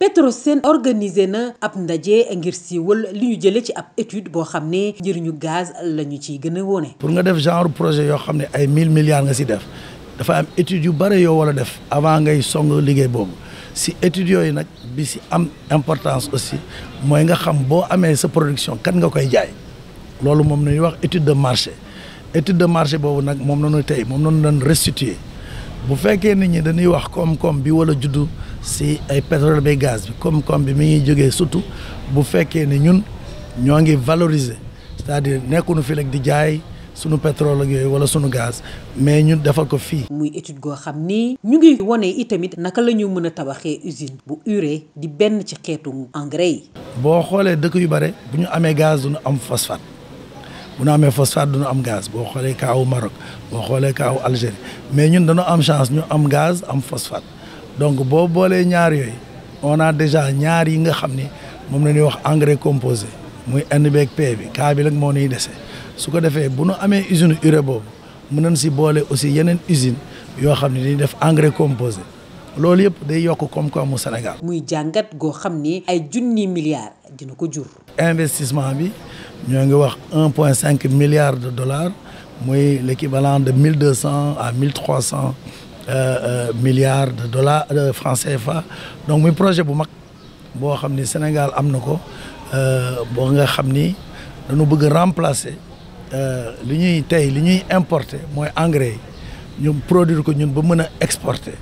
Petrosen organisé na ab ndaje ngir si siiwal li ñu jëlee ci ab étude boo xam ne njëriñu gaz la ñu ciy gën a wone. pour nga def genre projet yoo xam ne ay mille milliards nga si def dafa am étude yu bare yoo war a def avant ngay song liggéey boobu si études yooyu nag bi si am importance aussi mooy nga xam boo amee sa production kan nga koy jaay loolu moom la wax étude de marché étude de marché boobu nag moom nu tey moom na nu doon restituer bu fekkee nit ñi dañuy wax koom-koom bi wala juddu si ay pétrole bay gaz bi koom bi mi ngi jógee surtout bu fekkee ne ñun ñoo ngi valoriser cest à nekku nekkuñu fii rek di jaay sunu pétrole ak yooyu wala sunu gaz mais ñun defal ko fii. muy étude goo xam ni. ñu ngi wane itamit naka la ñu mën a tabaxee usine. bu urée di benn ci xeetu engrais yi. boo xoolee dëkk yu bare bu ñu amee gaz du ñu am phosphate. bu ñu amee phosphate du ñu am gaz boo xoolee kaaw Maroc boo xoolee kaaw Algérie mais ñun dañoo am chance ñu am gaz am phosphate donc boo boolee ñaar yooyu on a déjà ñaar yi nga xam ni moom la ñuy wax engrais composé muy N beeg P bi K bi nag moo ñuy dese su ko defee bu nu amee usine urée boobu mën nañ si boolee aussi yeneen usine yoo xam ni dañuy def engrais composé loolu yëpp day yokk koom-koomu Sénégal. muy jàngat goo xam ni ay junni milliards dina ko jur. investissement bi ñoo ngi wax un point cinq milliards de dollars muy l'équivalent de mille deux cent à mille trois cent euh, euh, milliards de dollars de euh, francs CFA donc muy projet bu mag boo xam ni Sénégal am na ko boo nga xam ni dañu bëgg remplacer lu ñuy tey li ñuy importer mooy engrais yi ñu produire ko ñun ba mën a exporter.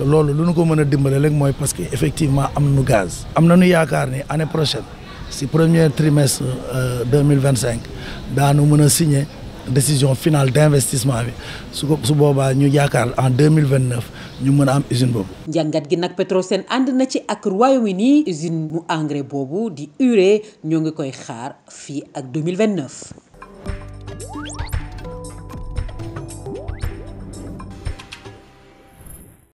te loolu lu nu ko mën a dimbale rek mooy parce que effectivement am nu gaz am nu yaakaar ni année prochaine si premier trimestre euh, deux mille vingt cinq daanu mën a signer décision finale d'investissement bi su ko su boobaa ñu yaakaar en deux mille vingt neuf ñu mën a am usine boobu. njàngat gi nag seen ànd na ci ak royaume nii usine mu engrais boobu di urée ñoo ngi koy xaar fii ak deux mille vingt neuf